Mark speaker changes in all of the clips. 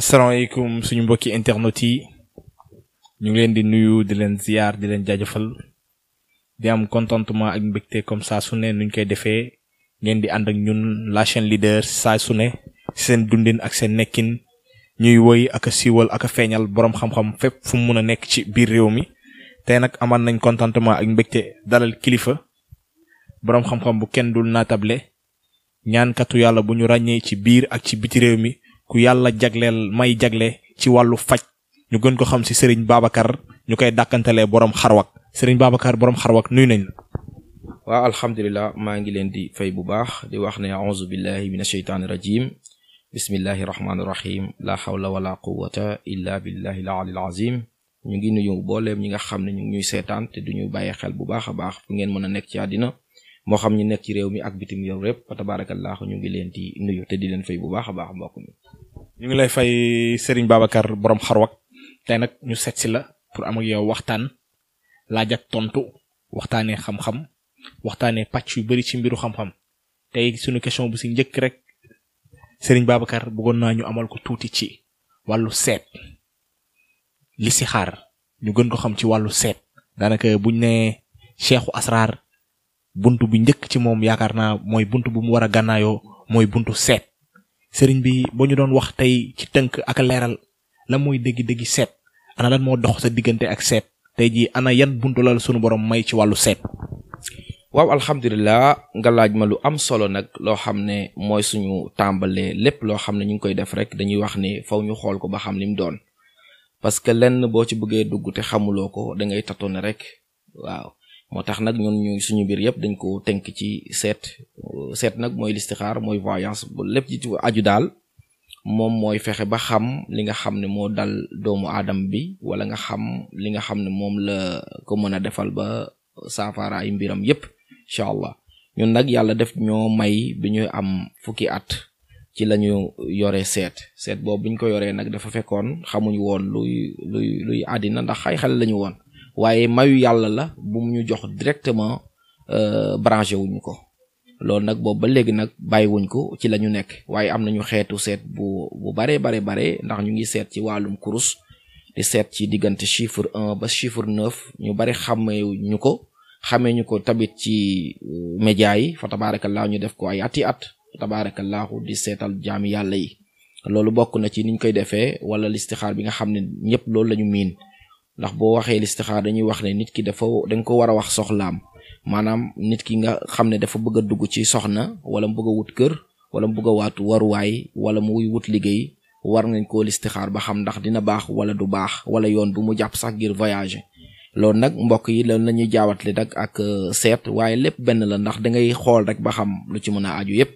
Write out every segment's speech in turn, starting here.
Speaker 1: asalaamaaleykum suñu mbokki internet yi ñu ngi leen di nuyu di leen ziar di leen jaajëfal di am contentement ak mbégte comme saa su ne nuñ koy defee ngeen di ànd ak ñun la chaîne leader saa su ne seen dundin ak seen nekkin ñuy woy ak a siiwal ak feeñal borom xam-xam fépp fu mu mun a nekk ci biir réew mi tey nag amaat nañ contentement ak mbégte dalal kilifa borom xam-xam bu kenn dul naatable ñaankatu yàlla bu ñu ràññee ci biir ak ci biti réew mi. ku yàlla jagleel may jagle ci wàllu faj ñu gën ko xam si Serigne Babacar ñu koy dàkkantalee borom xarwak sëriñ Babacar borom xarwak nuyu nañ la.
Speaker 2: waaw alhamdulilah maa ngi leen di fay bu baax di wax ne auzu billahi min asheytaani rajim bismillahi rahmaani rahim la hawla wala quwata illa billahi al alil azim ñu ngi nuyu booleem ñi nga xam ne ñu ngi ñuy seetaan te ñu bàyyi xel bu baax a baax fu ngeen mën a nekk ci àddina moo xam ñu nekk ci réew mi ak
Speaker 1: bitim yow répp fa tabaarakallaahu ñu ngi leen di nuyu te di leen fay bu baax a baax mbokk mi. ñu ngi lay fay Serigne Babacar borom xarwak tey nag ñu seet si la pour am yow waxtaan laaj ak tontu waxtaanee xam-xam waxtaanee pàcc yu bari ci mbiru xam-xam tey suñu question bu si njëkk rek sëriñ Babacar bëggoon naa ñu amal ko tuuti ci wàllu seet li si xaar ñu gën ko xam ci wàllu seet daanaka buñ ne Cheikhu Asrar. bunt bu njëkk ci moom yaakaar naa mooy bunt bu mu war a gànnaayoo mooy buntu seet sëriñ bi ba ñu doon wax tey ci tënk ak leeral la mooy dëggi-dëggi seet ana lan moo dox sa diggante ak seet tey jii ana yan bunt lal sunu borom may ci wàllu seet
Speaker 2: waaw alhamdulilah nga laaj ma lu am solo nag loo xam ne mooy suñu tàmbalee lépp loo xam ne ñu ngi koy def rek dañuy wax ni faw ñu xool ko ba xam lim doon parce que lenn boo ci bëggee dugg te xamuloo ko da ngay tatoone rek waaw moo tax nag ñun ñu suñu mbir yëpp dañ ko tënk ci seet seet nag mooy listixaar mooy voyance bu lépp ci aju daal moom mooy fexe ba xam li nga xam ne moo dal doomu aadama bi wala nga xam li nga xam ne moom la ko mën a defal ba saafara ay mbiram yépp incha allah ñun nag yàlla def ñoo may bi ñuy am fukki at ci lañu yore seet seet boobu bu ko yoree nag dafa fekkoon xamuñu woon luy luy luy àddina ndax ay xale lañu woon waaye mayu yàlla la bu mu ñu jox directement euh, branché wuñ ko loolu nag boobu ba léegi nag bàyyiwuñ ko ci la ñu nekk waaye am nañu xeetu seet bu bu bare bare bare ndax ñu ngi seet ci wàllum kurus di seet ci diggante chiffre un ba chiffre neuf ñu bari xamee ñu ko xamee ñu ko tamit ci euh, média yi fa tabaarakallaahu ñu def ko ay yi at fa tabaarakallaahu di seetal jaami yàlla yi loolu bokk na ci ni ñu koy defee wala listixaar bi nga xam ne ñëpp loolu la ñu miin ndax boo waxee listixaar dañuy wax ne nit ki dafa danga ko war a wax soxlaam maanaam nit ki nga xam ne dafa bëgg a dugg ci soxna wala mu bëgg a wut kër wala mu bëgg waatu waruwaay wala muy wut liggéey war nañ ko listixaar ba xam ndax dina baax wala du baax wala yoon bu mu jàpp sax ngir voyage loolu nag mbokk yi loolu la ñuy jaawatle dag ak euh, seet waaye lépp benn la ndax dangay xool rek ba xam lu ci mën a aju yépp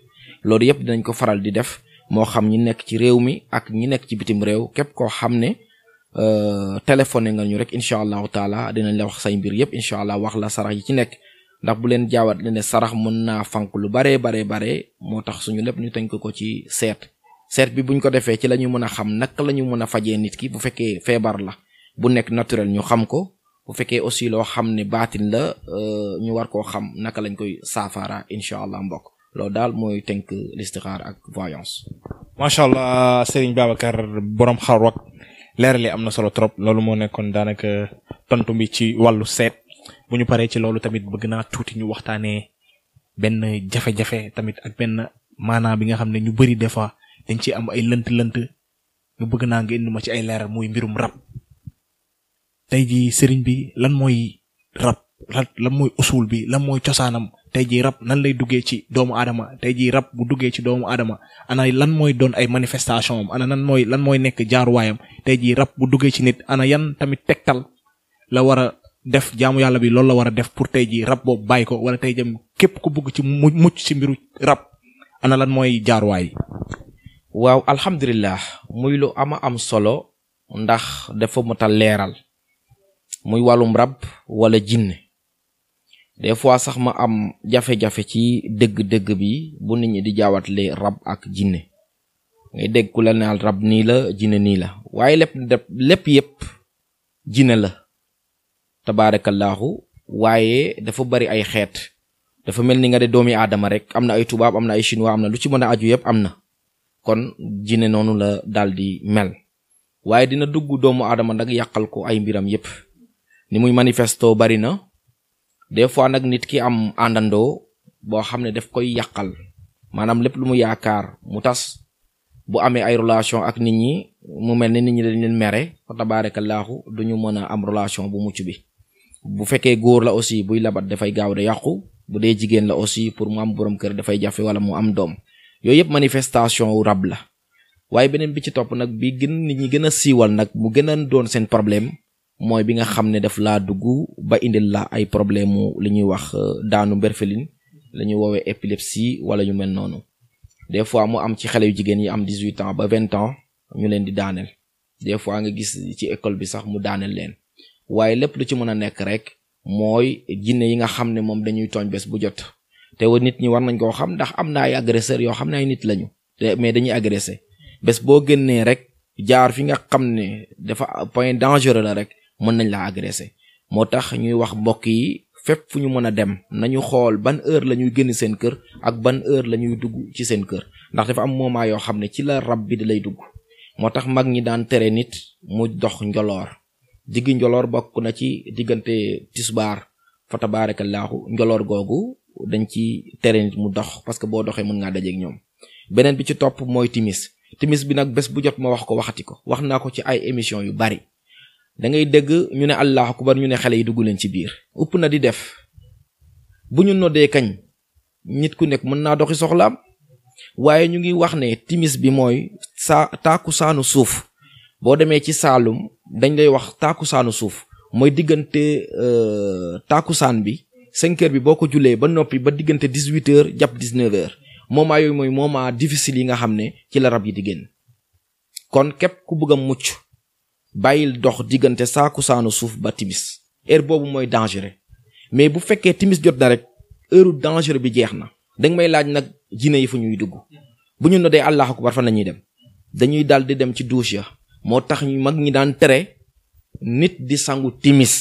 Speaker 2: loolu yépp dinañ ko faral di def moo xam ñi nekk ci réew mi ak ñi nekk ci bitim réew képp koo xam ne Euh, téléphoné nga ñu rek incha allahu taala dinañ la wax say mbir yëpp incha allah wax la sarax yi ci nekk ndax bu leen jaawaat ne sarax mën naa fank lu baree baree bare moo tax suñu lépp ñu tënk ko ci seet seet bi buñ ko defee ci la mën a xam naka la mën a fajee nit ki bu fekkee feebar la bu nekk naturel ñu xam ko bu fekkee aussi loo xam ne baatin la euh, ñu war koo xam naka lañ koy saafara incha allah mbokk loolu daal mooy tënk listixaar ak voyance.
Speaker 1: leerali am na solo trop loolu moo nekkoon daanaka tontu bi ci wàllu seet bu ñu paree ci loolu tamit bëgg naa tuuti ñu waxtaanee benn jafe-jafe tamit ak benn maanaa bi nga xam ne ñu bëri des fois dañ ci am ay lënt-lënt nga bëgg naa nga indi ma ci ay leeral mooy mbirum rab tey ji sëriñ bi lan mooy rab lan mooy usul bi lan mooy cosaanam tey jii rab nan lay duggee ci doomu adama tey jii rab bu duggee ci doomu aadama ana lan mooy doon ay manifestation am ana nan mooy lan mooy nekk jaaruwaayam tey jii rab bu duggee ci nit ana yan tamit tegtal la war a def jaamu yàlla bi loolu la war a def pour tey jii rab boobu bàyyi ko wala tey jëm képp ku bugg ci mu mucc ci mbiru rab ana lan mooy jaaruwaay. waaw alhamdulilah muy
Speaker 2: lu ama am solo ndax dafa mot a leeral muy wàllum rab wala jinne des fois sax ma am jafe-jafe ci dëgg-dëgg bi bu nit ñi di jaawatle rab ak jinne ngay dégg ku la naal rab nii la jinne nii la waaye lépp lépp yépp jinne la tabaarakallaahu waaye dafa bari ay xeet dafa mel ni nga de doomi aadama rek am na ay tubaab am na ay chinois am na lu ci mën a aju yépp am na kon jinne noonu la di mel waaye dina dugg doomu aadama nag yàqal ko ay mbiram yépp ni muy manifesto bari na des fois nag nit ki am àndandoo boo xam ne daf koy yàqal maanaam lépp lu mu yaakaar mu tas bu amee ay relation ak nit ñi mu mel ni nit ñi dañ leen mere fa tabaarakallaahu du ñu mën a am relation bu mucc bi bu fekkee góor la aussi buy labat dafay gaaw da yàqu bu dee jigéen la aussi pour mu am borom kër dafay jafe wala mu am doom yooyu yëpp manifestation wu rab la waaye beneen bi ci topp nag bi gën nit ñi gën a siiwal nag mu gën a doon seen problème mooy bi nga xam ne daf laa dugg ba indi la ay problème mu li ñuy wax euh, daanu mberfelin la ñuy woowee épilepsie wala ñu mel noonu des fois mu am ci xale yu jigéen yi am dix huit ba vingt ans ñu leen di daaneel des fois nga gis ci école bi sax mu daaneel leen waaye lépp lu ci mën a nekk rek mooy jinne yi nga xam ne moom dañuy tooñ bés bu jot te wa nit ñi war nañ koo xam ndax am na ay agresseur yoo xam ne ay nit lañu te mais dañuy agressé bés boo génnee rek jaar fi nga xam ne dafa point dangereux la rek mën nañ laa agressé moo tax ñuy wax mbokk yi fépp fu ñu mën a dem nañu xool ban heure la ñuy génn seen kër ak ban heure la ñuy dugg ci seen kër ndax dafa am moment yoo xam ne ci la rab bi di lay dugg moo tax mag ñi daan tere nit mu dox njoloor digg njoloor bokk na ci diggante tisbaar fa tabaarakallaahu njoloor googu dañ ci tere nit mu dox parce que boo doxee mën ngaa dajeek ñoom beneen bi ci topp mooy timis timis bi nag bés bu jot ma wax ko waxati ko wax naa ko ci ay émission yu bari da ngay dégg ñu ne allah akbar ñu ne xale yi dugg leen ci biir ëpp na di def bu ñu noddee kañ nit ku nekk mën naa doxi soxlaam waaye ñu ngi wax ne timis bi mooy saa taakusaanu suuf boo demee ci saalum dañ lay wax taakusaanu suuf mooy diggante euh, taakusaan bi cinq bi boo ko jullee ba noppi ba diggante dix-huit heures jàpp dix-neuf heures yooyu mooy moment difficile yi nga xam ne ci la rab yi di génn kon képp ku bëgg a mucc bàyyil dox diggante saaku saanu suuf ba timis heure boobu mooy dangereux mais bu fekkee timis jot na rek heure dangereux bi jeex na danga may laaj nag jinne yi fu ñuy dugg bu ñu noddee allah akbar fan la dem dañuy dal di dem ci douche ya moo tax ñu mag ñi daan tere nit di sangu timis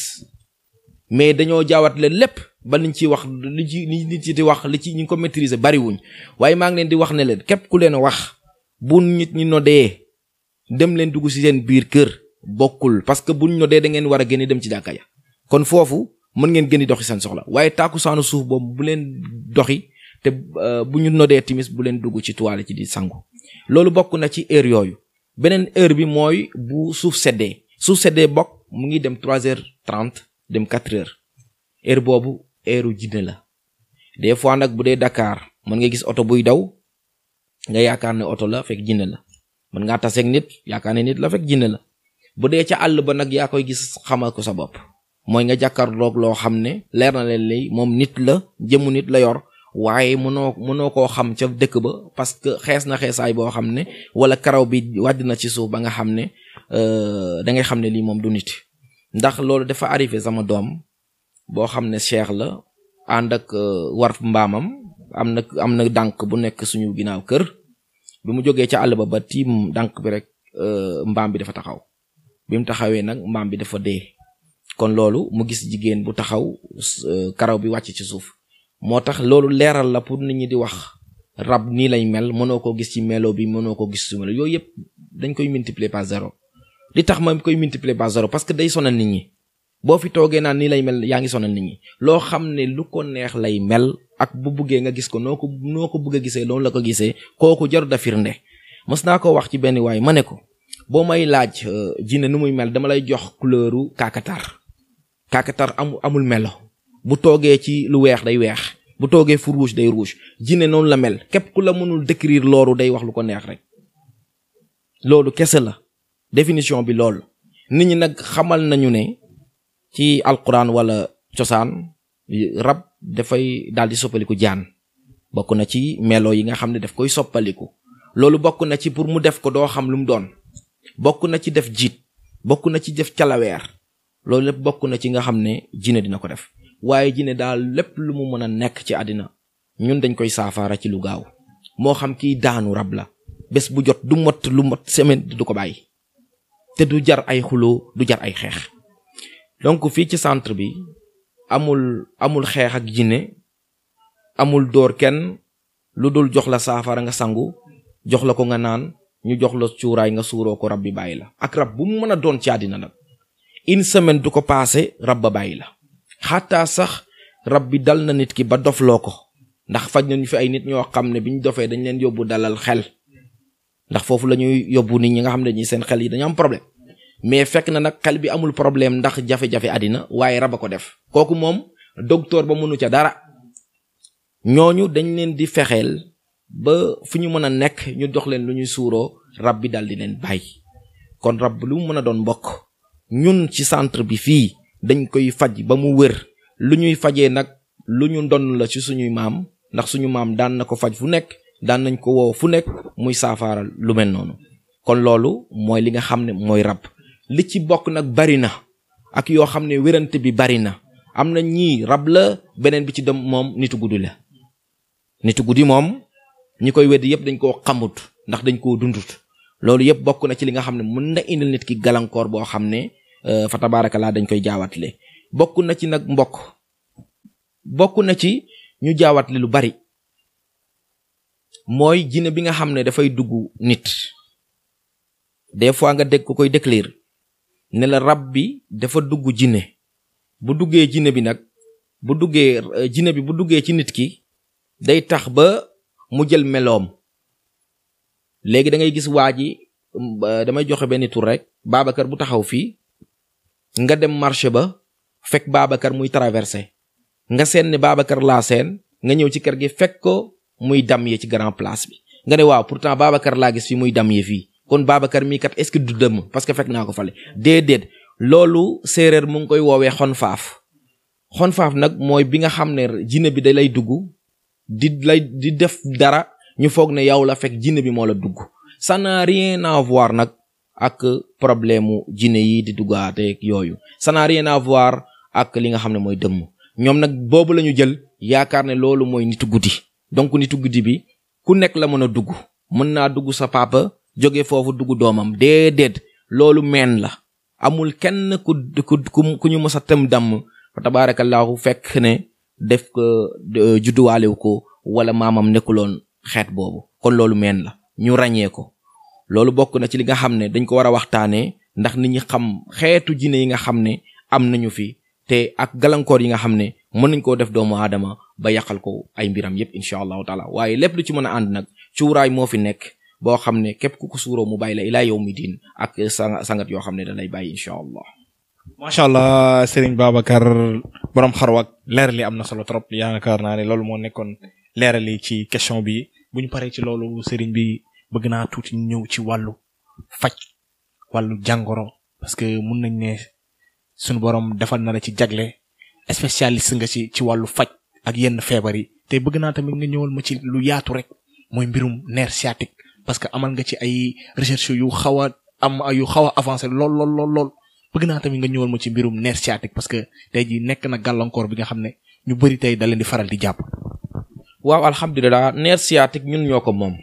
Speaker 2: mais dañoo leen lépp ba liñ ciy wax li ci li nit yi di wax li ci ñu ko maîtriser bariwuñ waaye maa ngi leen di wax ne leen képp ku leen wax bu nit ñi noddee dem leen dugg ci seen biir kër bokkul parce que buñ noddee da ngeen war a gën dem ci jàkka ya kon foofu mën ngeen gën di doxi seen soxla waaye tàkkusaanu suuf boobu bu leen doxi te euh, bu ñu noddee timis bu leen dugg ci toile ci di sangu loolu bokk na ci heure yooyu beneen heure bi mooy bu suuf seddee suuf seddee bokk mu ngi dem trois heures trente dem quatre heures heure boobu heure jinne la des fois nag bu dee dakaar mën nga gis oto buy daw nga yaakaar ne oto la fekk jinne la mën ngaa taseeg yaakaar ne nit la fekk la bu dee ca àll ba nag yaa koy gis xamal ko sa bopp mooy nga jàkkaarloog loo xam ne leer na leen lii moom nit la jëmm nit la yor waaye mënoo mënoo koo xam ca dëkk ba parce que xees na xeesaay boo xam ne wala karaw bi wàdd na ci suuf ba nga xam ne euh, da ngay xam ne lii moom du nit ndax loolu dafa arrivé sama doom boo xam ne cheikh la ànd ak euh, war mbaamam am na am na dànk bu nekk suñu ginnaaw kër bi mu jógee ca àll ba ba tiim dànk bi rek euh, mbaam bi dafa taxaw bi mu taxawee nag maam bi dafa dee kon loolu mu gis jigéen bu taxaw euh, karaw bi wàcc ci suuf moo tax loolu leeral la pour nit ñi di wax rab nii lay mel mënoo ko gis ci melo bi mënoo ko gis ci melo yooyu yëpp dañ koy multiplier par zéro li tax ma koy multiplier par zéro parce que day sonal nit ñi boo fi toogee naan nii lay mel yaa ngi sonal nit ñi loo xam ne lu ko neex lay mel ak bu buggee nga gis ko noo ko noo ko bëgg a gisee loolu la ko gisee kooku jaru da firnde mës naa ko wax ci benn waay ma ne ko boo may laaj euh, jinne nu muy mel dama lay jox couleuru kakatar kakatar am amul melo bu toogee ci lu weex day weex bu toogee fu rouge day rouge jinne noonu la mel képp ku la mënul décrire loolu day wax lu ko neex rek loolu kese la définition bi loolu nit ñi nag xamal nañu ne ci alquran wala cosaan rab dafay daal di soppaliku jaan bokk na ci melo yi nga xam ne daf koy soppaliku loolu bokk na ci pour mu def ko doo xam lu mu doon bokk na ci def jiit bokk na ci def calaweer loolu lépp bokk na ci nga xam ne jinne dina ko def waaye jinne daal lépp lu mu mën a nekk ci àddina ñun dañ koy saafaara ci lu gaaw moo xam kiy daanu rab la bés bu jot du mot lu mot semaine du ko bàyyi te du jar ay xuloo du jar ay xeex donc fii ci centre bi amul amul xeex ak jinne amul dóor kenn lu dul jox la saafara nga sangu jox la ko nga naan ñu jox la cuuraay nga suuroo ko rab bi bàyyi la ak rab bu mën a doon ci àddina nag une semaine du ko paase rab ba bàyyi la xataa sax rab bi dal na nit ki ba dofloo ko ndax faj ñu fi ay nit ñoo xam ne bi ñu dofee dañ leen yóbbu dalal xel ndax foofu la ñuy yóbbu nit ñi nga xam ne ñi seen xel yi dañu am problème mais fekk na nag xel bi amul problème ndax jafe-jafe àddina waaye rab a ko def kooku moom docteur ba mënu ca dara ñooñu dañ leen di fexeel ba fu ñu mën a nekk ñu jox leen lu ñuy suuroo rab bi daal di leen bàyyi kon rab lu mu mën a doon bokk ñun ci centre bi fii dañ koy faj ba mu wér lu ñuy faje nag lu ñu doon la ci suñuy maam ndax suñu maam daan na ko faj fu nekk daan nañ ko woo fu nekk muy saafara lu mel noonu kon loolu mooy li nga xam ne mooy rab li ci bokk nag bari na ak yoo xam ne wérante bi bari na am na ñii rab la beneen bi ci dem moom nitu guddi la nitu guddi moom ñi koy weddi yëpp dañ koo xamut ndax dañ koo dundut loolu yëpp bokk na ci li nga xam ne mën na indi nit ki gàllankoor boo xam ne euh, fa tabaarakalaa dañ koy jaawatle bokk na ci nag mbokk bokk na ci ñu jaawatle lu bari mooy jinne bi nga xam ne dafay dugg nit des fois nga dégg ku koy déclare ne la rab bi dafa dugg jinne bu duggee jinne bi nag bu duggee euh, jinne bi bu duggee ci nit ki day tax ba mu jël meloom léegi da ngay gis waa ji damay joxe benn tur rek baabakër bu taxaw fii nga dem marché ba fekk Babacar muy traversé nga seen ne Babacar laa seen nga ñëw ci kër gi fekk ko muy dam ye ci grand place bi nga ne waaw pourtant Babacar laa gis fi muy dam ye fii kon Babacar mii kat est-ce que du dëmm parce que fekk naa ko fale déedéet loolu séeréer mu ngi koy woowee xon faaf xon faaf nag mooy bi nga xam ne jinne bi da lay dugg di di def dara ñu foog ne yow la fekk jinne bi moo la dugg ça n'a nag ak problème mu jinne yi di duggaateeg yooyu ça n'a ak li nga xam ne mooy dëmm ñoom nag boobu la ñu jël yaakaar ne loolu mooy nitu guddi donc nitu guddi bi ku nekk la mën a dugg mën naa dugg sa paapa jóge foofu dugg doomam déedéet loolu meen la amul kenn ku ku ku ñu mës a tëm damm tabaarakallahu fekk ne def ko euh, judduwaalewu ko wala maamam nekkuloon xeet boobu kon loolu meen la ñu ràññee ko loolu bokk na ci li nga xam ne dañ ko war a waxtaanee ndax nit ñi xam xeetu jinne yi nga xam ne am nañu fi te ak galankoor yi nga xam ne mën nañ koo def doomu aadama ba yàqal ko ay mbiram yépp incha allahu taala waaye lépp lu ci mën a ànd nag cuuraay moo fi nekk boo xam ne képp ku ko suuroo mu bàyyi la ilaa yow mi diin ak
Speaker 1: sa sangat yoo xam ne da bàyyi incha allah macha allah Serigne Babacar borom xarwaak leer li am na solo trop yaakaar naa ne loolu moo nekkoon leeral yi ci question bi bu ñu paree ci loolu Serigne bi bëgg naa tuuti ñëw ci wàllu faj wàllu jàngoro parce que mun nañ ne sunu borom defal na la ci jagle spécialiste nga ci ci wàllu faj ak yenn feebar yi te bëgg naa tamit nga ñëwal ma ci lu yaatu rek mooy mbirum nerf sciatique parce que amal nga ci ay recherche yu xaw a am yu xaw a avancé lool lool lool lool. bëgg naa tamit nga ñëwal ma ci mbirum nerf sciatique parce que tey nekk na gàllankoor bi nga xam ne ñu bëri tey da di faral di jàpp.
Speaker 2: waaw alhamdulilah nerf sciatique ñun ñoo ko moom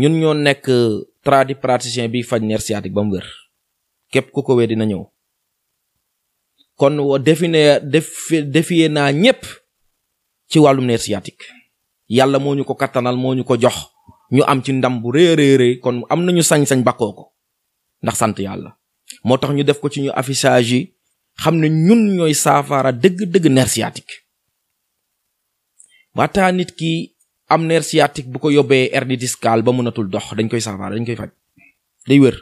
Speaker 2: ñun ñoo nekk euh, tradipraticien bi faj nerf sciatique ba mu képp ku ko wee dina ñëw kon définé défié naa ñépp ci wàllum nerf sciatique yàlla moo ñu ko kattanal moo ñu ko jox ñu am ci ndam bu rëy a kon am nañu sañ-sañ bakkoo ko ndax sant yàlla moo tax ñu def ko ci ñu affichage xam ne ñun ñooy saafara dëgg-dëgg nerf sciatique nit ki am nerf bu ko yóbbee hernie discale ba mënatul dox dañ koy saafara dañ koy faj day wér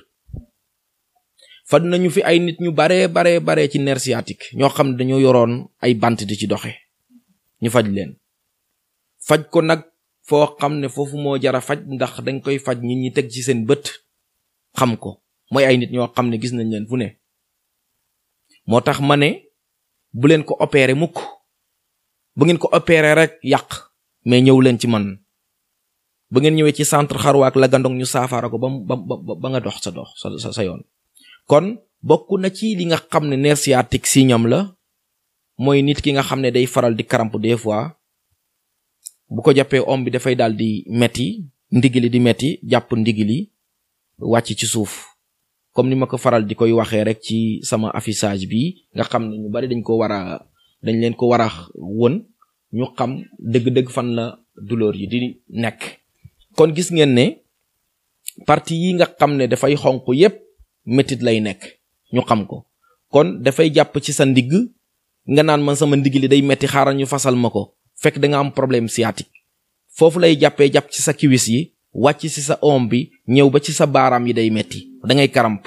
Speaker 2: faj nañu fi ay nit ñu baree baree baree ci nerf ñoo xam ne dañoo yoroon ay bant di ci doxe ñu faj leen faj ko nag foo xam ne foofu moo jara faj ndax dañ koy faj nit ñi teg ci seen bët xam ko mooy ay nit ñoo xam ne gis nañ leen fu ne moo tax ma ne bu leen ko opeere mukk bu ngeen ko opérer rek yàq mais ñëw leen ci man ba ngeen ñëwee ci centre xarwa ak la gandong ñu saafara ko ba ba ba nga dox sa dox sa sa sa yoon kon bokk na ci li nga xam ne nerf si ñam la mooy nit ki nga xam ne day faral di crampe des fois bu ko jàppee om bi dafay daal di metti li di metti jàpp li wàcc ci suuf comme ni ma ko faral di koy waxee rek ci sama affichage bi nga xam ne ñu bari dañ ko war a dañ leen ko war a won ñu xam dëgg-dëgg fan la douleur yi di nekk. kon gis ngeen ne parti yi nga xam ne dafay xonq yépp métit lay nekk ñu xam ko kon dafay jàpp ci sa ndigg nga naan man sama ndigg li day metti xaaral ñu fasal ma ko fekk danga am problème sciatique foofu lay jàppee jàpp ci sa kiwis yi wàcc ci sa om bi ñëw ba ci sa baaraam yi day metti da ngay karamp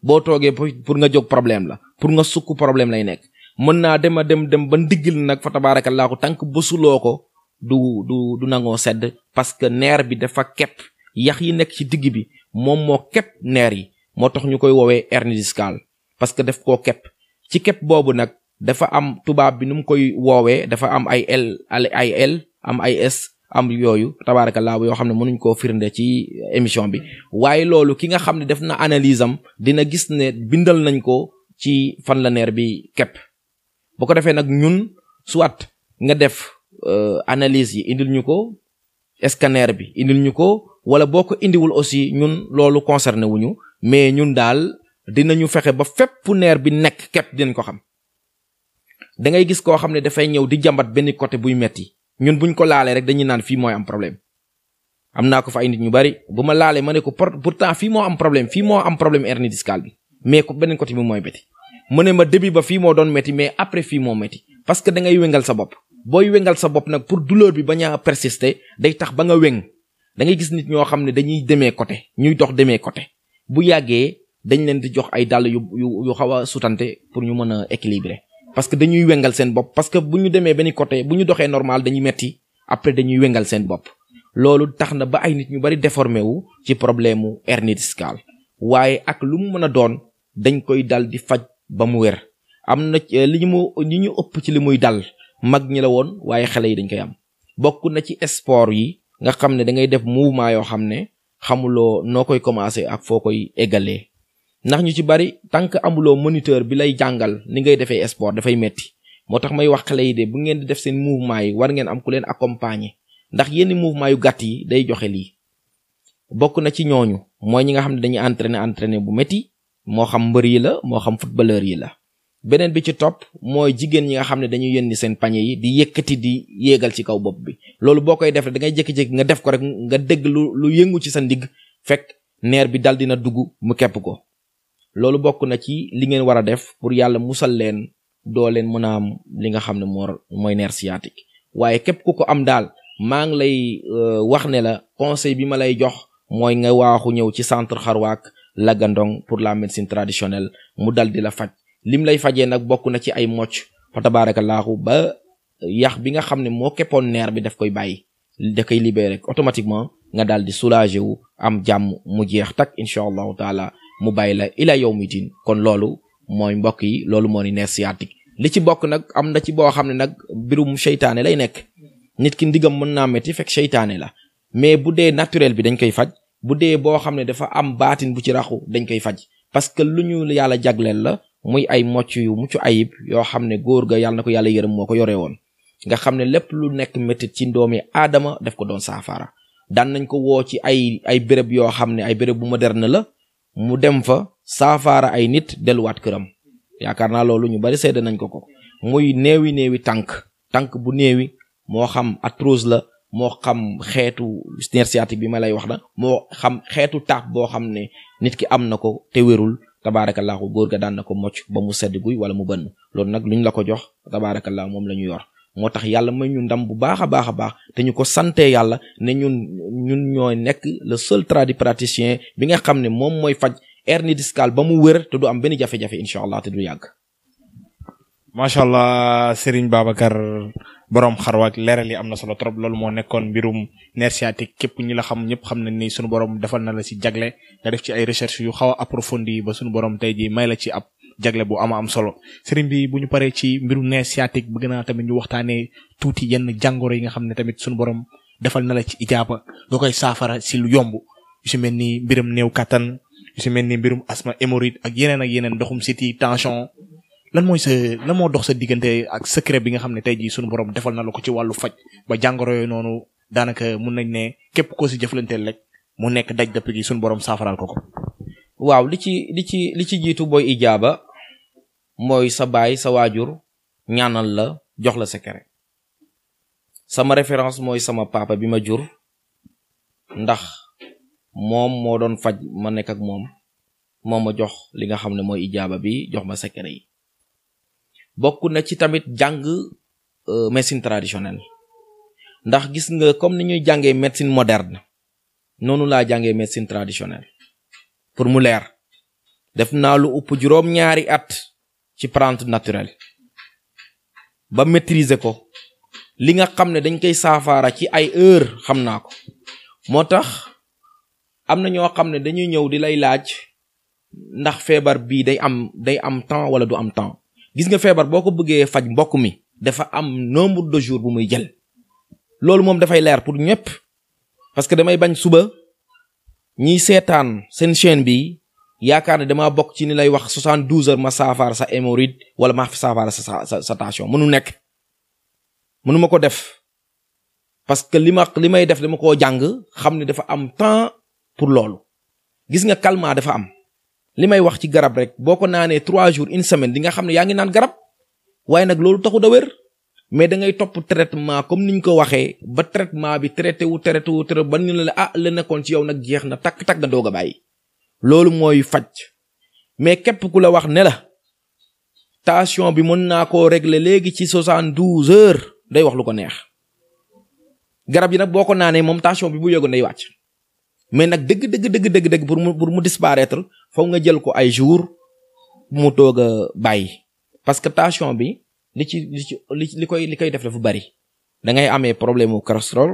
Speaker 2: boo toogee pour nga jóg problème la pour nga sukk problème lay nekk mën naa dem a dem dem ba ndigal nag fa tabaarakallaahu tànk bësuloo ko du du du nangoo sedd parce que neer bi dafa kepp yax yi nekk ci digg bi moom moo kepp neer yi moo tax ñu koy woowee hernie discale parce que daf koo kepp ci kepp boobu nag dafa am tubaab bi nu mu koy woowee dafa am ay L ay L am ay S am yooyu tabaarakallaa yoo xam ne mënuñ koo firnde ci émission bi waaye loolu ki nga xam ne def na analyse am dina gis ne bindal nañ ko ci Fanweeri bi képp bu ko defee nag ñun soit nga def euh, analyse yi indi lu ñu ko scanner bi indil ñu ko wala boo ko indiwul aussi ñun loolu concerné wuñu mais ñun daal dinañu fexe ba fépp neer bi nekk képp dinañ ko xam da ngay gis koo xam ne dafay ñëw di jambat benn côté buy metti ñun bu ñu ko laalee rek dañuy naan fii mooy am problème am naa ko fa ay nit ñu bari bu ma laalee ma ne ko pourtant fii moo am problème fii moo am problème hernie bi mais ko beneen côté bi mooy métti mu ne ma début ba fii moo doon métti mais après fii moo métti parce que da ngay sa bopp booy wéngal sa bopp nag pour douleur bi bañ a persister day tax ba nga wéng da gis nit ñoo xam ne dañuy demee côté ñuy dox demee côté bu yàggee dañ leen di jox ay dàll yu yu yu xaw a sutante pour ñu mën a équilibrer parce que dañuy wengal seen bopp parce que bu ñu demee benn côté bu ñu doxee normal dañuy metti après dañuy wengal seen bopp loolu tax na ba ay nit ñu bari déformé wu ci problème mu hernie discale waaye ak lu mu mën a doon dañ koy dal di faj ba mu wér am na li ñu mu li ñu ëpp ci li muy dal mag ñi la woon waaye xale yi dañ koy am bokk na ci sport yi nga xam ne da ngay def mouvement yoo xam ne xamuloo noo koy commencer ak foo koy eggalee ndax ñu ci bari tant que amuloo moniteur bi lay jàngal ni ngay defee sport dafay metti moo tax may wax xale yi de bu ngeen di def seen mouvement yi war ngeen am ku leen accompagner ndax yenn mouvement yu gàtt yi day joxe lii bokk na ci ñooñu mooy ñi nga xam ne dañuy entraîner entraîner bu metti moo xam mbër yi la moo xam footballeur yi la beneen bi ci topp mooy jigéen ñi nga xam ne dañuy yónni seen pañe yi di yëkkati di yéegal ci kaw bopp bi loolu boo koy def da ngay jékki-jékki nga def ko rek nga dégg lu yëngu ci sa ndigg fekk neer bi dal dina dugg mu kepp ko loolu bokk na ci li ngeen war a def pour yàlla musal leen doo leen mën a am li nga xam ne moo mooy neer sciatique waaye képp ku ko am daal maa ngi lay euh, wax ne la conseil bi ma lay jox mooy nga waaxu ñëw ci centre xarwaak lagandong pour la médecine traditionnelle mu dal di la faj lim lay fajee nag bokk na ci ay mocc fa tabaarakallaahu ba euh, yax bi nga xam ne moo keppoon neer bi daf koy bàyyi da koy libéré rek automatiquement nga daal di soulagé wu am jàmm mu jeex tak incha allahu mu bàyyi la ila yawmi diin kon loolu mooy mbokk yi loolu moo ni nees sciatique li ci bokk nag am na ci boo xam ne nag mbirum seytaane lay nekk nit ki ndigam mën naa métti fekk seytaane la mais bu dee naturel bi dañ koy faj bu dee boo xam ne dafa am baatin bu ci raxu dañ koy faj parce que lu ñu yàlla jagleel la muy ay mocc yu mucc ayib yoo xam ne góor ga yàlla na ko yàlla yërëm moo ko yore woon nga xam ne lépp lu nekk métit ci ndoomi aadama def ko doon saafara daan nañ ko woo ci ay ay béréb yoo xam ne ay béréb bu moderne la mu dem fa saafaara ay nit delluwaat këram yaakaar naa loolu ñu bari sedd nañ ko ko muy néewi néewi tànk tànk bu néewi moo xam arthrose la moo xam xeetu nerf bi ma lay wax na moo xam xeetu taab boo xam ne nit ki am na ko te wérul tabaarakallaahu góor ga daan na ko mocc ba mu sedd guy wala mu bënn loolu nag ñu la ko jox tabaarakallaahu moom la ñu yor moo tax yàlla may ñu ndam bu baax a baax a baax te ñu ko santee yàlla ne ñun ñun ñooy nekk le seul tradipraticien bi nga xam ne moom mooy faj hernie discale ba mu wér te du am benn jafe-jafe incha allah te du yàgg.
Speaker 1: macha allah Serigne Babacar borom xarwaak leeral yi am na solo trop loolu moo nekkoon mbirum nerf sciatique képp ñi la xam ñëpp xam nañ ni sunu borom defal na la si jagle nga def ci ay recherche yu xaw a approfondi ba sunu borom tey ji may la ci ab. jagle bu ama am solo sëriñ bi bu ñu paree ci mbirum ne sciatique bëgg naa tamit ñu waxtaanee tuuti yenn jàngoro yi nga xam ne tamit suñu borom defal na la ci ijaaba nga koy saafara si lu yomb yu si mel ni mbirum néew kattan yu si mel ni mbirum asma hémorroïde ak yeneen ak yeneen ndoxum siti tension lan mooy sa lan moo dox sa diggante ak secret bi nga xam ne tey jii suñu borom defal na la ko ci wàllu faj ba jàngoro yooyu noonu daanaka mun nañ ne képp koo si jëflanteel rek mu nekk daj dëpp gi suñ borom saafaraal ko ko.
Speaker 2: waaw li ci li ci jiitu booy ijaaba mooy sa baay sa waajur ñaanal la jox la secret sama référence mooy sama papa bi ma jur ndax moom moo doon faj ma nekk ak moom moo ma jox li nga xam ne mooy ijaaba bi jox ma secret yi bokk na ci tamit jàng euh, médecine traditionnelle ndax gis nga comme ni ñuy jàngee médecine moderne noonu laa jàngee médecine traditionnelle pour mu leer def naa lu upp juróom ñaari at ci plante naturelle ba maîtriser ko li nga xam ne dañ koy saafaara ci ay heure xam naa ko moo tax am na ñoo xam ne dañuy ñëw di lay laaj ndax feebar bii day am day am temps wala du am temps gis nga feebar boo ko bëggee faj mbokk mi dafa am nombre de jours bu muy jël loolu moom dafay leer pour ñëpp parce que damay bañ suba ñiy seetaan seen chaîne bi yaakaar ne damaa bokk ci ni lay wax soixante-douze heures ma saafara sa hémorroïde wala ma saafara sa sa sa tension mënu nekk mënuma ko def parce que li ma li may def dama koo jàng xam ne dafa am temps pour loolu gis nga calmant dafa am li may wax ci garab rek boo ko naanee trois jours une semaine di nga xam ne yaa ngi naan garab waaye nag loolu taxu da wér mais da ngay topp traitement comme niñ ko waxee ba traitement bi traité wu traité wu traité ba ñu ne la ah la nekkoon ci yow nag jeex na takk takk nga doog bàyyi loolu mooy faj mais képp ku la wax ne la tension bi mën naa koo régler léegi ci soixante du heures day wax lu ko neex garab yi nag boo ko naanee moom tension bi bu yëgoon day wàcc mais nag dëgg dëgg dëgg dëgg dëgg pour mu pour mu disparaître foog nga jël ko ay jours mu toog a bàyyi parce que tension bi li ci li ci li koy li koy def dafa bari da ngay amee problème mu cholestérol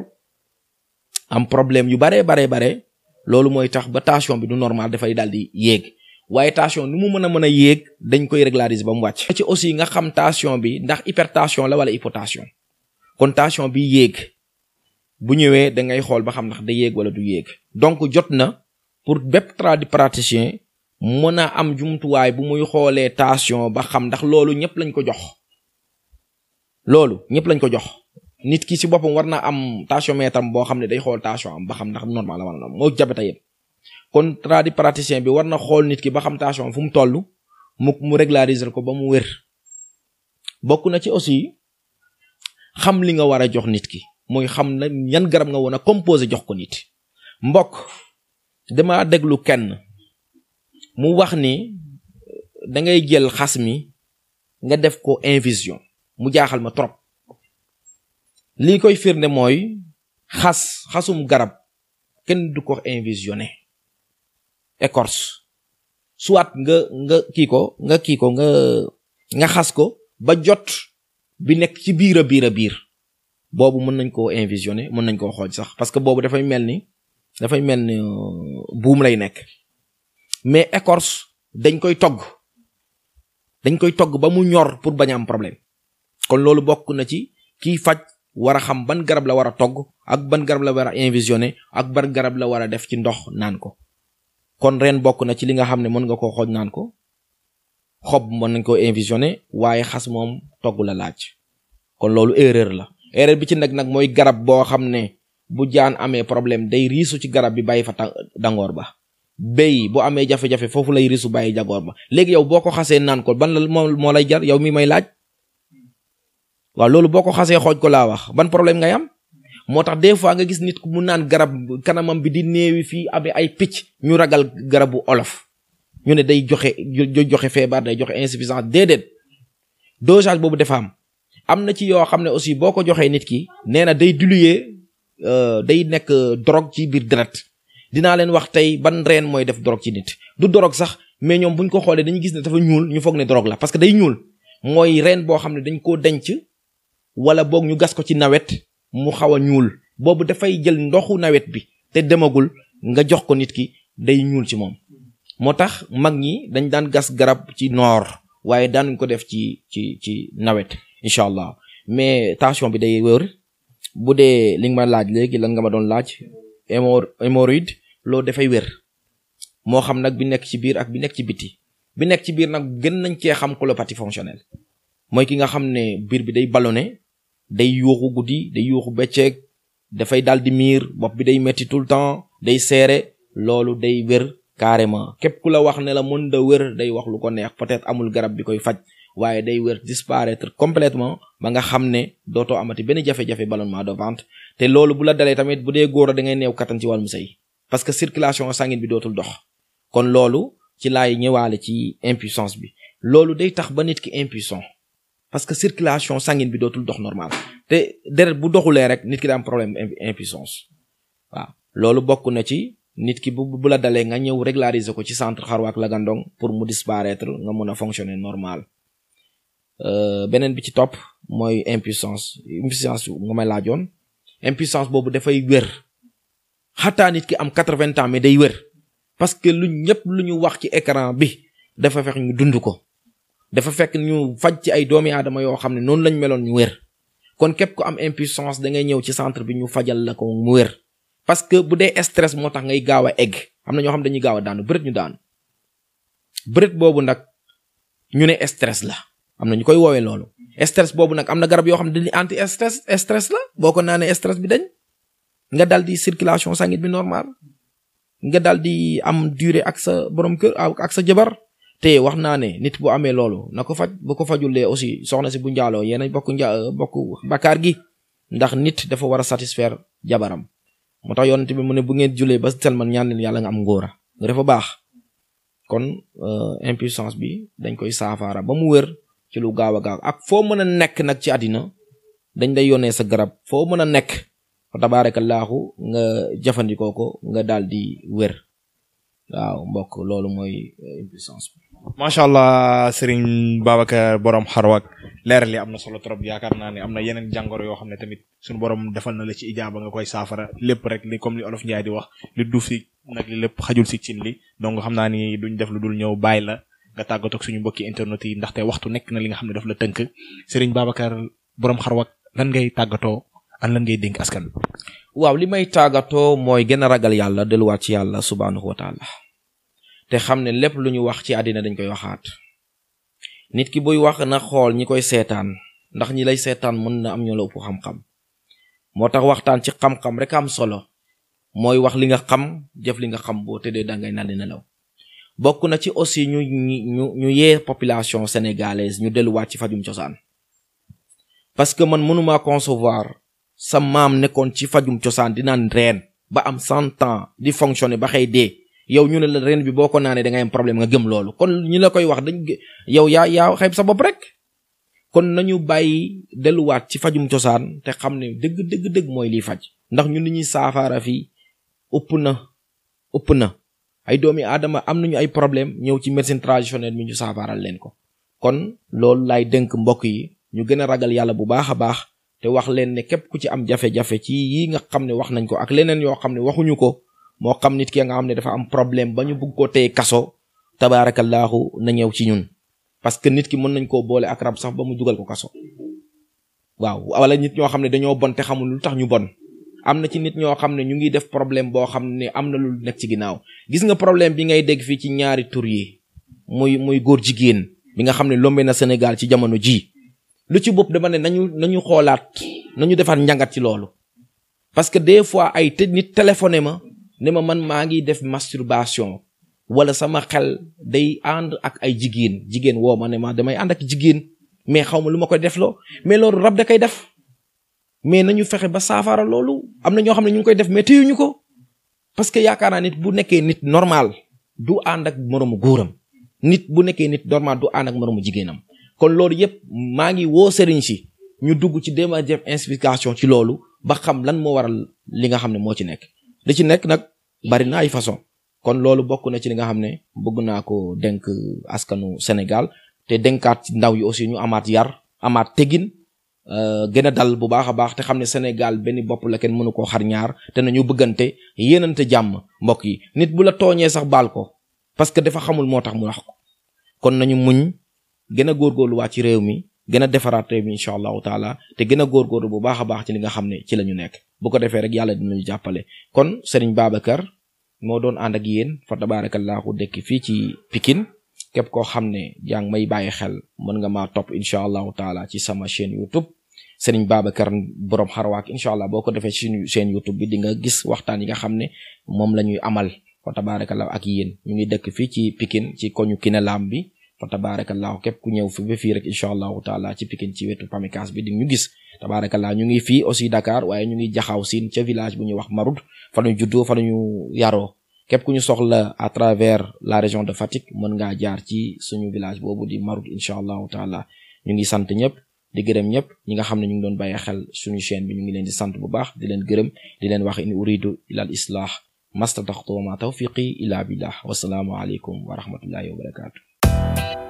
Speaker 2: am problème yu baree baree bare loolu mooy tax ba tension bi du normal dafay daal di yéeg waaye tension ni mu mën a mën a yéeg dañ koy régulariser ba mu wàcc. ci aussi nga xam tension bi ndax hypertension la wala hypotension kon tension bi yéeg bu ñëwee da ngay xool ba xam ndax da yéeg wala du yéeg donc jot na pour bépp tradipraticien mën a am jumtuwaay bu muy xoolee tension ba xam ndax loolu ñëpp lañ ko jox loolu ñëpp lañ ko jox. nit ki si boppam war na am tensiomètre am boo xam ne day xool tension am ba xam ndax normal la wala normal moo jabeta yëpp kon tradipraticien bi war na xool nit ki ba xam tension am fu mu toll mu mu régulariser ko ba mu wér bokk na ci aussi xam li nga war a jox nit ki mooy xam na yan garab nga woon a composé jox ko nit mbokk dama déglu kenn mu wax ni dangay jël xas mi nga def ko invision mu jaaxal ma trop lii koy firnde mooy xas xasum garab kenn du ko invisionné écorce soit nga nga kii ko nga kii ko nga nga xas ko ba jot bi nekk ci biir a biir biir boobu mën nañ koo invisionné mën nañ koo xooj sax parce que boobu dafay mel ni dafay mel ni euh, buum lay nekk mais écorce dañ koy togg dañ koy togg ba mu ñor pour bañ am problème kon loolu bokk na ci kiy faj war a xam ban garab la war a togg ak ban garab la war a infusionné ak ban garab la war a def ci ndox naan ko kon ren bokk na ci li nga xam ne mën nga koo xooj naan ko xob mën nañ koo invisionné waaye xas moom togg la laaj kon loolu erreur la erreur bi ci nag nag mooy garab boo xam ne bu jaan amee problème day riisu ci garab bi bàyyi fa dangoor ba béy boo amee jafe-jafe foofu lay riisu bàyyi jagoor ba léegi yow boo ko xasee naan ko ban la moo moo lay jar yow mi may laaj waaw loolu boo ko xasee xooj ko laa wax ban problème ngay am moo tax des fois nga gis nit ku mu naan garab kanamam bi di néewi fii amee ay picc ñu ragal garabu olof ñu ne day joxe joxe feebar day joxe insuffisance déedéet dosage boobu dafa am am na ci yoo xam ne aussi boo ko joxee nit ki nee na day diluer euh, day nekk euh, doroog ci biir deret dinaa leen wax tey ban reen mooy def drogue ci nit du drogue sax mais ñoom bu ñu ko xoolee dañu gis ne dafa ñuul ñu foog ne drogue la parce que day ñuul mooy reen boo xam ne dañ koo denc wala boog ñu gas ko ci nawet mu xaw a ñuul boobu dafay jël ndoxu nawet bi te demagul nga jox ko nit ki day ñuul ci moom moo tax mag ñi dañ daan gas garab ci noor waaye daanuñ ko def ci ci ci nawet incha allah mais tension bi day wër bu dee li nga ma laaj léegi la nga ma doon laaj hémorroïde loo dafay wér moo xam nag bi nekk ci biir ak bi nekk ci biti bi nekk ci biir nag gën nañ cee xam colopathie fonctionnelle mooy ki nga xam ne biir bi day ballonné day yuuxu guddi day yuuxu bëccëg dafay daal di miir bopp bi day metti tout temps day seere loolu day wér carrément képp ku la wax ne la mën da wér day wax lu ko neex peut-être amul garab bi koy faj waaye day wér disparaître complètement ba nga xam ne dootoo amati benn jafe-jafe ballonnement de ventre te loolu bu la dalee tamit bu dee góor a da ngay neew kattan ci wàllum say parce que circulation sangin bi dootul dox kon loolu ci laay ñëwaale ci impuissance bi loolu day tax ba nit ki impuissant parce que circulation sanguine bi dootul dox normal te deret bu doxulee rek nit ki daa am problème impuissance waaw loolu bokk na ci nit ki bu bu la dalee nga ñëw régulariser ko ci centre xaru ak Lagandong pour mu disparaître nga mën a fonctionner normal euh, beneen bi ci topp mooy impuissance impuissance nga may laajoon impuissance boobu dafay wér xataa nit ki am quatre-vingts ans mais day wér parce que lu ñëpp lu ñu wax ci écran bi dafa feex ñu dund ko dafa fekk ñu faj ci ay doomi aadama yoo xam ne noonu lañ meloon ñu wér kon képp ku am impuissance da ngay ñëw ci centre bi ñu fajal la ko mu wér parce que bu dee stress moo tax ngay gaaw a egg am na ñoo xam ne dañuy gaaw a daanu bëreet ñu daanu bëreet boobu nag ñu ne stress la am na ñu koy woowee loolu stress boobu nag am na garab yoo xam ne dañuy anti stress la boo ko naanee stress bi dañ nga dal di circulation sanguine bi normal nga dal di am durée ak sa borom kër ak sa jabar te wax naa ne nit bu amee loolu na ko faj boo ko fajulee aussi soxna si bu njaaloo yéena bokk nja bokk bakkaar gi ndax nit dafa war a satisfaire jabaram moo tax yonent bi mu ne bu ngeen julee ba selman ñaan leen nga am dafa baax kon euh, impuissance bi dañ koy saafaara ba mu wér ci lu gaaw a gaaw ak foo mën a nekk nag ci àddina dañ day yónnee sa garab foo mën a nekk fa tabaarakallaahu nga jëfandikoo ko nga daal di wér waaw mbokk
Speaker 1: loolu mooy euh, impuissance macha allah Serigne Babacar boroom xarwaak leeral yi am na solo trop yaakaar naa ne am na yeneen jàngoro yoo xam ne tamit suñu borom defal na la ci ijaaba nga koy saafara lépp rek li comme li olof Njaay di wax li duuf si nag li lépp xajul si cin li donc xam naa ni duñ def lu dul ñëw bàyyi la nga tàggatoo suñu mbokki internet yi ndaxte waxtu nekk na li nga xam ne daf la tënk Serigne Babacar boroom xarwaak lan ngay tàggatoo ak lan ngay dénk askan
Speaker 2: waaw li mooy gën a ragal yàlla delluwaat ci yàlla subhaanahu wa taala te xam ne lépp lu ñu wax ci àddina dañ koy waxaat nit ki buy wax na xool ñi koy seetaan ndax ñi lay seetaan mën na am ñoo la ëpp xam-xam moo tax waxtaan ci xam-xam rek am solo mooy wax li nga xam jëf li nga xam boo tëddee dangay naan nelaw bokk na ci aussi ñu ñu ñu yee population sénégalaise ñu delluwaat ci fajum cosaan parce que man mënuma consevoir sa maam nekkoon ci fajum cosaan di naan reen ba am sant temps di fonctionner ba xëy dee yow ñu ne la ren bi boo ko naanee da ngay am problème nga gëm loolu kon ñu la koy wax dañ yow yaa yaa xayb sa bopp rek kon nañu bàyyi delluwaat ci fajum cosaan te xam ne dëgg dëgg mooy liy faj ndax ñun li ñuy saafaara fii ëpp na ëpp na ay doomi aadama am nañu ay problème ñëw ci médecine traditionnelle mi ñu saafaaral leen ko kon loolu laay dënk mbokk yi ñu gën a ragal yàlla bu baax a baax te wax leen ne képp ku ci am jafe-jafe ci yi nga xam ne wax nañ ko ak leneen yoo xam ne waxuñu ko moo xam nit ki nga xam ne dafa am problème ba ñu bugg ko téye kaso tabaarakallaahu na ñëw ci ñun parce que nit ki mën nañ koo boole ak rab sax ba mu dugal ko kaso waaw wala nit ñoo xam ne dañoo bon te xamul lu tax ñu bon am na ci nit ñoo xam ne ñu ngi def problème boo xam ne am na lu nekk ci ginnaaw gis nga problème bi ngay dégg fii ci ñaari tur yi muy muy góor jigéen bi nga xam ne lombe na Sénégal ci jamono ji lu ci bopp dama ne nañu nañu xoolaat nañu defar njàngat ci loolu que des ne ma man maa ngi def masturbation wala sama xel day ànd ak ay jigéen jigéen woo ma ne maa damay ànd ak jigéen mais xaw ma lu ma koy def mais loolu rab da koy def mais nañu fexe ba saafara loolu am na ñoo xam ne ñu ngi koy def mais téyuñu ko parce que yaakaar naa nit bu nekkee nit normal du ànd ak moroomu góoram nit bu nekkee nit normal du ànd ak moroomu jigéenam kon loolu yëpp maa ngi woo sëriñ si ñu dugg ci déma def explication ci loolu ba xam lan moo waral li nga xam ne moo ci nekk da ci nekk nag bari na ay façon kon loolu bokk na ci li nga xam ne bëgg naa ko dénk askanu Sénégal te denkaat ndaw yi aussi ñu amaat yar amaat tegin euh, gën a dal bu baax a baax te xam ne Sénégal benn bopp la kenn mënu koo xar ñaar te nañu bëggante yéenante jàmm mbokk yi nit bu la tooñee sax baal ko parce que dafa xamul moo tax mu nax ko kon nañu muñ gën a góorgóorluwaat ci réew mi gën a defaraat réew mi incha allahu taala te gën a góorgóorlu bu baax baax ci li nga xam ne ci la ñu nekk boo ko defee rek yàlla dinañu jàppale kon Serigne Babacar moo doon ànd ak yéen fa tabaarakallaahu dekk fii ci Pikine képp koo xam ne yaa ngi may bàyyi xel mën nga maa topp incha allahu taala ci sama chaîne YouTube Serigne Babacar borom xarwaak incha allah boo ko defee ci suñu chaîne YouTube bi di nga gis waxtaan yi nga xam ne moom la ñuy amal fa tabaarakallaahu ak yéen ñu ngi dëkk fii ci Pikine ci koñu Kiné Lam bi fa tabaarakallaahu képp ku ñëw fi ba fii rek incha allahu taala ci Pikine ci wetu Pamecas bi di ñu gis tabaarakallaahu ñu ngi fii aussi Dakar waaye ñu ngi jaxaw siin ca village bu ñu wax Marut fa ñu juddoo fa ñu yaroo képp ku ñu soxla à travers la région de Fatick mën ngaa jaar ci suñu village boobu di Marut incha allahu taala ñu ngi sant ñëpp di gërëm ñëpp ñi nga xam ne ñu ngi doon bàyyi xel suñu chaîne bi ñu ngi leen di sant bu baax di leen gërëm di leen wax in uridu ila al islah mastataxtu wa ma tawfiqi ila billah wasalaamu aleykum
Speaker 1: wa rahmatullahi wa Thank you